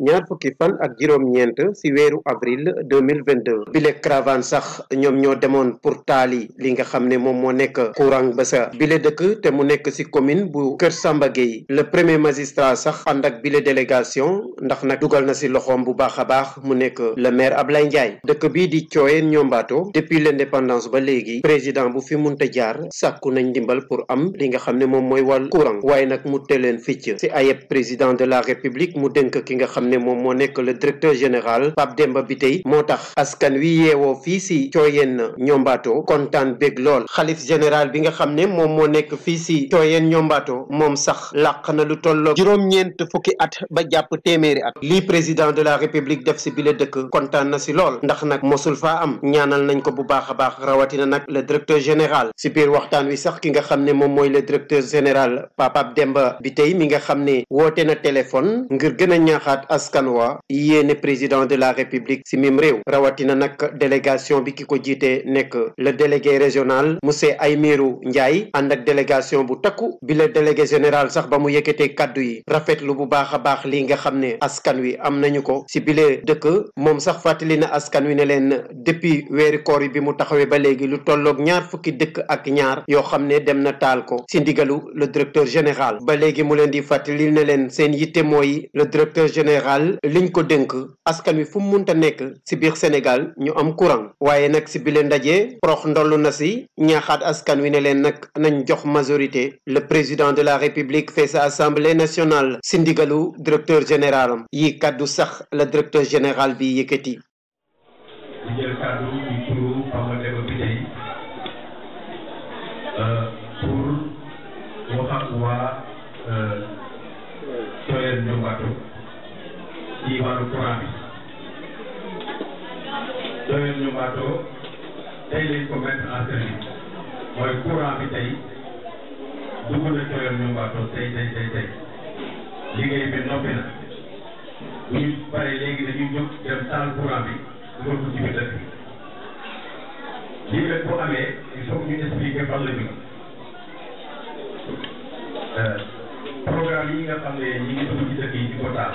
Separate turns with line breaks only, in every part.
ñaar fukki fan ak juróom-ñeent ci weeru avril 2022 bile caravane sax ñoom ñoo demoon pour taali li nga xam ne moom moo nekk courant ba sa bile dëkk te mu nekk ci commune bu Kër Samba Gueye le premier magistrat sax ànd ak bile délégation ndax nag dugal na ci loxoom bu baax a baax mu nekk le maire ab Ablaye Ndiaye dëkk bii di Thioyen Niombato depuis l'indépendance ba léegi président bu fi munta jaar sàkku nañ ndimbal pour am li nga xam ne moom mooy wàll courant waaye nag mu teleen ficc ci ayeb président la république mu dénk ki nga ne moom moo nekk le directeur général Pape Demba Bitèye moo tax askan wi yeewoo fii si Cooyeen Ñombaato kontaan bég lool xalif général bi nga xam ne moom moo nekk fii si Cooyeen Ñombaato moom sax làq na lu tolloo juróom-ñeent fukki at ba jàpp téeméeri at lii président de la république def si bile dëkk kontaan na si lool ndax nag mosul fa am ñaanal nañ ko bu baax a baax rawatina nag le directeur général si biir waxtaan wi sax ki nga xam ne moom mooy le directeur général Pape Demba Bitèye Askanwa, wa président de la république si rawatina nak délégation bi kiko le délégué régional monsieur Aymirou Ndiaye andak délégation bu takku bi le délégué général sax ba mu Rafet kàddu yi lu bu baax li nga askan wi bile dëkk sax askan wi ne depuis wéri koor bi mu taxawé ba légui lu tollok ñaar fukki ak ñaar Yo xamné dem ko le directeur général ba légui mu nelen. di le directeur général général liñ ko denk askan wi fu mu munta nekk biir Sénégal ñu am courant waaye nak si bile ndaje prox ndollu na si ñaaxaat askan wi ne leen nak nañ jox majorité le président de la république fait sa assemblée nationale si ndigalu directeur général yi kaddu sax la directeur général bi yëkkati
wàllu courant bi doyul ñu bateau tey lañ ko mettre en tey dugg na doyul ñu bateau tey tey tey tey liggéey bi noppi na bu ñu paree léegi dañuy jóg dem taal courant bi dugal ko ci biir dëkk bi lii nag bu amee il faut ñu expliquer fan la jóg euh, programme yi nga xam ne ñi ngi dugg ci dëkk yi di ko taal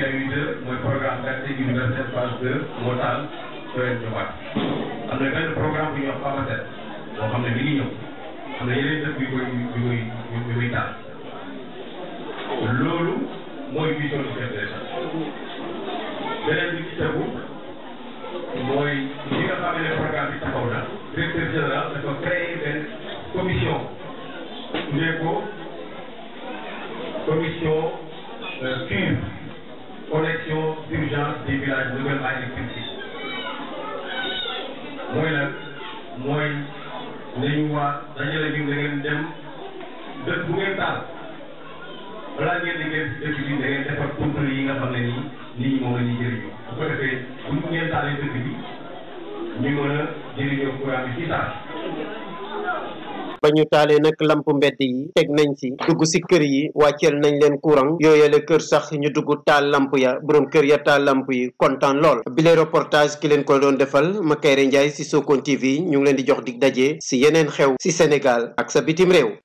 PAU 2 mooy programme tactique universel phase 2 moo taal doyen ñëwaat am na benn programme bu ñuy wax PAMACET boo xam ne mi ngi ñëw am na yeneen dëkk yu koy yu koy yu koy taal loolu mooy vision du chef de l'État beneen bi ci tegu mooy li nga xam ne programme bi taxaw na directeur général dafa créé benn commission tuddee ko urgence des villages nouvellement électrifiés mooy lan mooy nañu waa dajale bi da ngeen dem dëkk bu ngeen taal balaa ngeen di ngeen dëkk bi da ngeen defar pompes yi nga xam ne nii nit ñi moom la ñuy jëriñoo bu ko defee bu ngeen taalee dëkk bi
ñu mën a jëriñoo
courant bi ci saa
bañu talé nak lampu mbéddi tek nañ ci dugg ci kër yi waccel nañ leen courant yoyale kër sax ñu dugg tal lampu ya borom kër ya tal lampu yi ya, content lool bi le reportage ki leen ko doon defal ma kayre ndjay ci sokon tv ñu ngi leen di jox dig dajé ci yenen xew ci sénégal ak sa bitim réew